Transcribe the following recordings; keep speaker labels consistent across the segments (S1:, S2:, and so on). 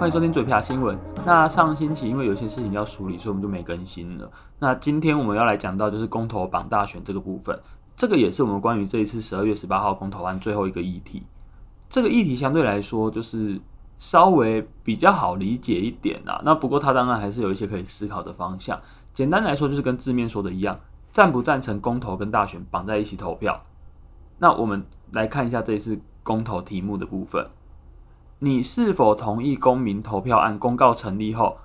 S1: 歡迎收聽嘴 ㄆㄧㄚˊ 新聞。那上星期因為有些事情要處理，所以我們就沒更新了。那今天我們要來講到就是公投綁大選這個部分，這個也是我們關於這一次十二月十八號公投案最後一個議題。這個議題相對來說就是稍微比較好理解一點啊。那不過它當然還是有一些可以思考的方向。簡單來說就是跟字面說的一樣，贊不贊成公投跟大選綁在一起投票？那我們來看一下這一次公投題目的部分。你是否同意公民投票案公告成立後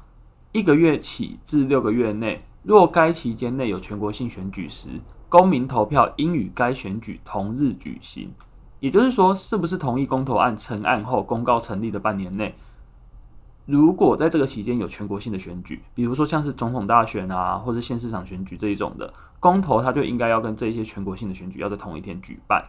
S1: 一個月起至六個月內，若該期間內有全國性選舉時，公民投票應與該選舉同日舉行？也就是說，是不是同意公投案成案後公告成立的半年內，如果在這個期間有全國性的選舉，比如說像是總統大選啊，或者縣市長選舉這一種的公投，它就應該要跟這一些全國性的選舉要在同一天舉辦？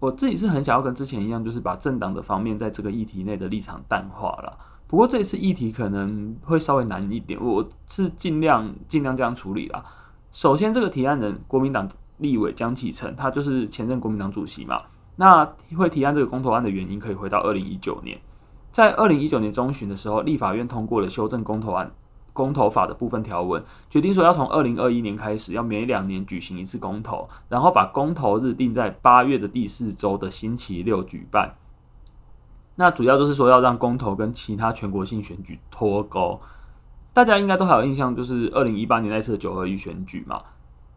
S1: 我自己是很想要跟之前一樣，就是把政黨的方面在這個議題內的立場淡化了。不過這次議題可能會稍微難一點，我是盡量盡量這樣處理了。首先，這個提案人國民黨立委江啟程，他就是前任國民黨主席嘛。那會提案這個公投案的原因，可以回到二零一九年，在二零一九年中旬的時候，立法院通過了修正公投案。公投法的部分條文決定說，要從二零二一年開始，要每兩年舉行一次公投，然後把公投日定在八月的第四周的星期六舉辦。那主要就是說，要讓公投跟其他全國性選舉脫鈎。大家應該都還有印象，就是二零一八年那次的九合一選舉嘛。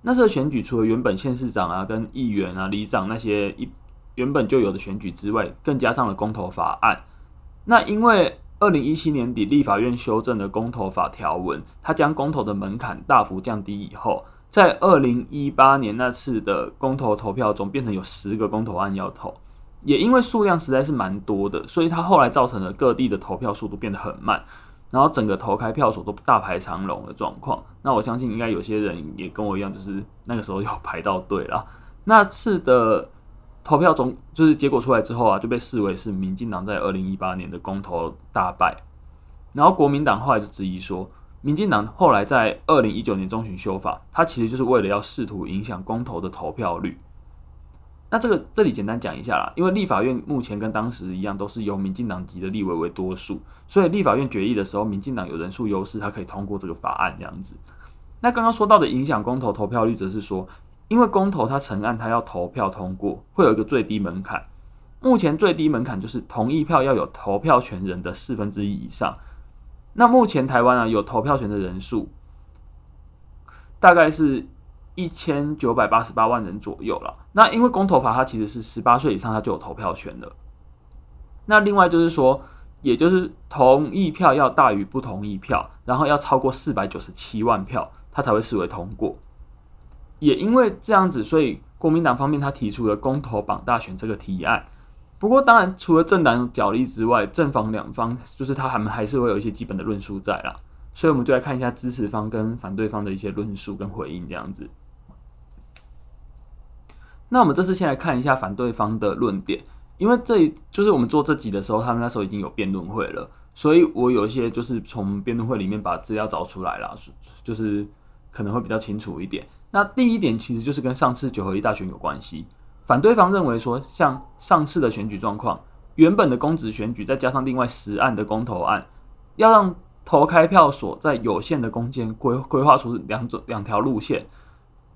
S1: 那次選舉除了原本縣市長啊、跟議員啊、里長那些一原本就有的選舉之外，更加上了公投法案。那因為二零一七年底，立法院修正的公投法條文，它將公投的門檻大幅降低以後，在二零一八年那次的公投投票中，變成有十個公投案要投，也因為數量實在是蠻多的，所以它後來造成了各地的投票速度變得很慢，然後整個投開票所都大排長龍的狀況。那我相信應該有些人也跟我一樣，就是那個時候有排到隊了。那次的。投票中，就是結果出來之後啊，就被視為是民進黨在二零一八年的公投大敗。然後國民黨後來就質疑說，民進黨後來在二零一九年中旬修法，它其實就是為了要試圖影響公投的投票率。那這個這裡簡單講一下啦，因為立法院目前跟當時一樣，都是由民進黨籍的立委為多數，所以立法院決議的時候，民進黨有人數優勢，他可以通過這個法案這樣子。那剛剛說到的影響公投投票率，則是說。因為公投，他成案，他要投票通過，會有一個最低門檻。目前最低門檻就是同意票要有投票權人的四分之一以上。那目前台灣啊，有投票權的人數大概是一千九百八十八萬人左右了。那因為公投法，它其實是十八歲以上，它就有投票權的。那另外就是說，也就是同意票要大於不同意票，然後要超過四百九十七萬票，它才會視為通過。也因為這樣子，所以國民黨方面他提出了公投綁大選這個提案。不過，當然除了政黨角力之外，正反兩方就是他們還是會有一些基本的論述在啦。所以，我們就來看一下支持方跟反對方的一些論述跟回應這樣子。那我們這次先來看一下反對方的論點，因為這就是我們做這集的時候，他們那時候已經有辯論會了，所以我有一些就是從辯論會裡面把資料找出來了，就是可能會比較清楚一點。那第一點其實就是跟上次九合一大選有關係，反對方認為說，像上次的選舉狀況，原本的公職選舉再加上另外十案的公投案，要讓投開票所在有限的空間規規劃出兩種兩條路線，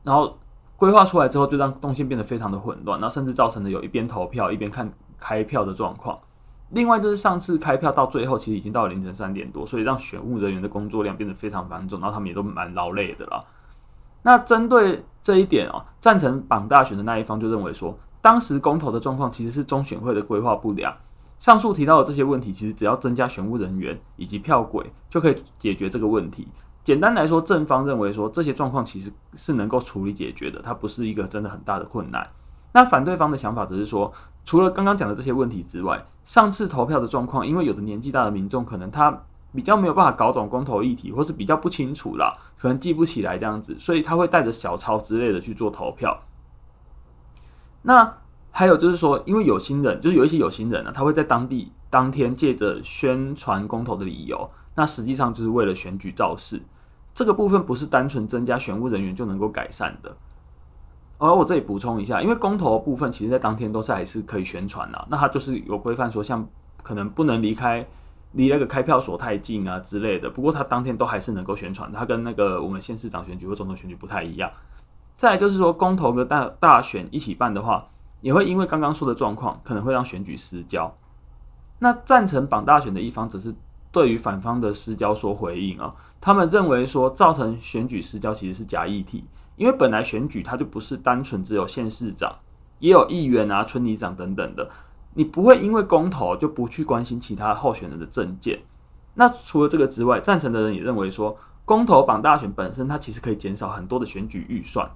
S1: 然後規劃出來之後，就讓動線變得非常的混亂，那甚至造成了有一邊投票一邊看開票的狀況。另外就是上次開票到最後其實已經到了凌晨三點多，所以讓選務人員的工作量變得非常繁重，然後他們也都蠻勞累的啦。那針對這一點哦，贊成綁大選的那一方就認為說，當時公投的狀況其實是中選會的規劃不良。上述提到的這些問題，其實只要增加選務人員以及票匭就可以解決這個問題。簡單來說，正方認為說，這些狀況其實是能夠處理解決的，它不是一個真的很大的困難。那反對方的想法則是說，除了剛剛講的這些問題之外，上次投票的狀況，因為有的年紀大的民眾，可能他。比較沒有辦法搞懂公投議題，或是比較不清楚啦，可能記不起來這樣子，所以他會帶着小抄之類的去做投票。那還有就是說，因為有心人，就是有一些有心人呢、啊，他會在當地當天借着宣傳公投的理由，那實際上就是為了選舉造勢。這個部分不是單純增加選務人員就能夠改善的。而我這裡補充一下，因為公投的部分，其實在當天都是還是可以宣傳的、啊，那他就是有規範說，像可能不能離開。離那個開票所太近啊之類的，不過他當天都還是能夠宣傳。他跟那個我們縣市長選舉或總統選舉不太一樣。再來就是說，公投和大大選一起辦的話，也會因為剛剛說的狀況，可能會讓選舉失焦。那贊成綁大選的一方則是對於反方的失焦說回應啊，他們認為說造成選舉失焦其實是假議題，因為本來選舉它就不是單純只有縣市長，也有議員啊、村里長等等的。你不會因為公投就不去關心其他候選人的政見。那除了這個之外，贊成的人也認為說，公投綁大選本身，它其實可以減少很多的選舉預算。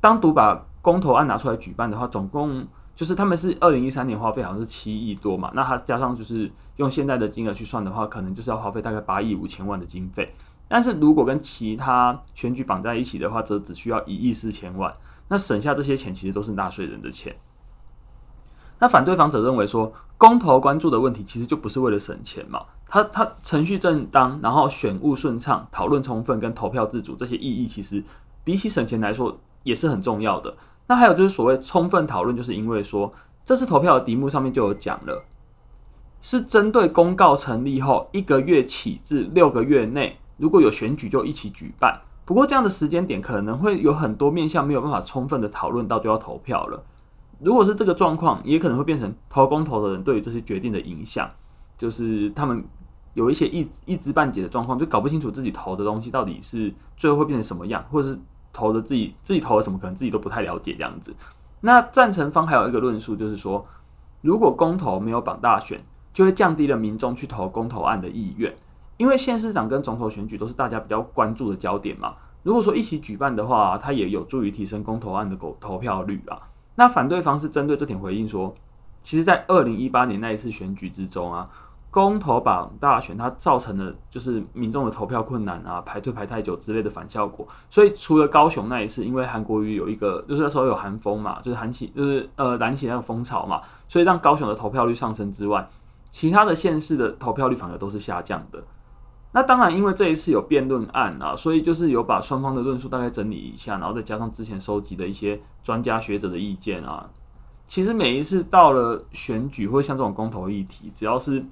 S1: 單獨把公投案拿出來舉辦的話，總共就是他們是二零一三年花費好像是七億多嘛。那他加上就是用現在的金額去算的話，可能就是要花費大概八億五千萬的經費。但是如果跟其他選舉綁在一起的話，則只需要一億四千萬。那省下這些錢，其實都是納稅人的錢。那反對方者認為說，公投關注的問題其實就不是為了省錢嘛。他。他他程序正當，然後選務順暢、討論充分跟投票自主這些意義，其實比起省錢來說也是很重要的。那還有就是所謂充分討論，就是因為說，這次投票的題目上面就有講了，是針對公告成立後一個月起至六個月內，如果有選舉就一起舉辦。不過這樣的時間點可能會有很多面向沒有辦法充分的討論到，就要投票了。如果是這個狀況，也可能會變成投公投的人對於這些決定的影響，就是他們有一些一一知半解的狀況，就搞不清楚自己投的東西到底是最後會變成什麼樣，或者是投的自己自己投的什麼，可能自己都不太了解這樣子。那贊成方還有一個論述，就是說，如果公投沒有綁大選，就會降低了民眾去投公投案的意願，因為縣市長跟總統選舉都是大家比較關注的焦點嘛。如果說一起舉辦的話，它也有助於提升公投案的投投票率啊。那反對方是針對這點回應說，其實，在二零一八年那一次選舉之中啊，公投綁大選它造成了就是民眾的投票困難啊，排隊排太久之類的反效果。所以，除了高雄那一次，因為韓國瑜有一個，就是那時候有韓風嘛，就是韓起，就是呃，藍起那個風潮嘛，所以讓高雄的投票率上升之外，其他的縣市的投票率反而都是下降的。那當然，因為這一次有辯論案啊，所以就是有把雙方的論述大概整理一下，然後再加上之前收集的一些專家學者的意見啊。其實每一次到了選舉會像這種公投議題，只要是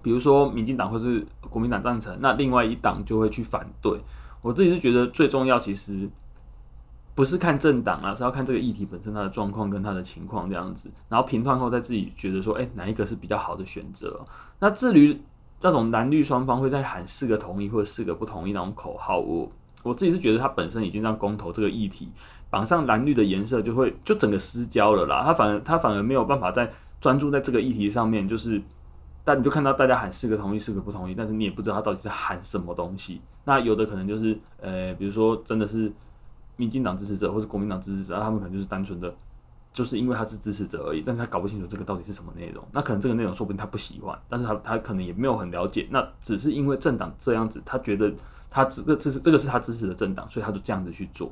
S1: 比如說民進黨或是國民黨贊成，那另外一黨就會去反對。我自己是覺得最重要，其實不是看政黨啊，是要看這個議題本身它的狀況跟它的情況這樣子，然後評斷後再自己覺得說，誒、欸，哪一個是比較好的選擇？那至於。那種藍綠雙方會在喊四個同意或者四個不同意那種口號，我我自己是覺得他本身已經讓公投這個議題綁上藍綠的顏色，就會就整個失焦了啦。他反而他反而沒有辦法再專注在這個議題上面，就是但你就看到大家喊四個同意四個不同意，但是你也不知道他到底是喊什麼東西。那有的可能就是呃，比如說真的是民進黨支持者或是國民黨支持者，他們可能就是單純的。就是因為他是支持者而已，但是他搞不清楚這個到底是什麼內容。那可能這個內容說不定他不喜歡，但是他他可能也沒有很了解。那只是因為政黨這樣子，他覺得他這個支這個是他支持的政黨，所以他就這樣子去做。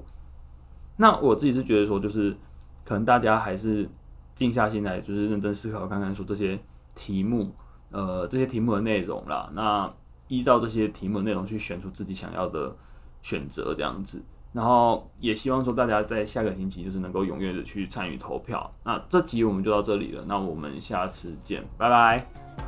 S1: 那我自己是覺得說，就是可能大家還是靜下心來，就是認真思考看看，說這些題目，呃，這些題目的內容啦。那依照這些題目的內容去選出自己想要的選擇，這樣子。然後也希望說大家在下個星期，就是能夠踴躍的去參與投票。那這集我們就到這裡了，那我們下次見，拜拜。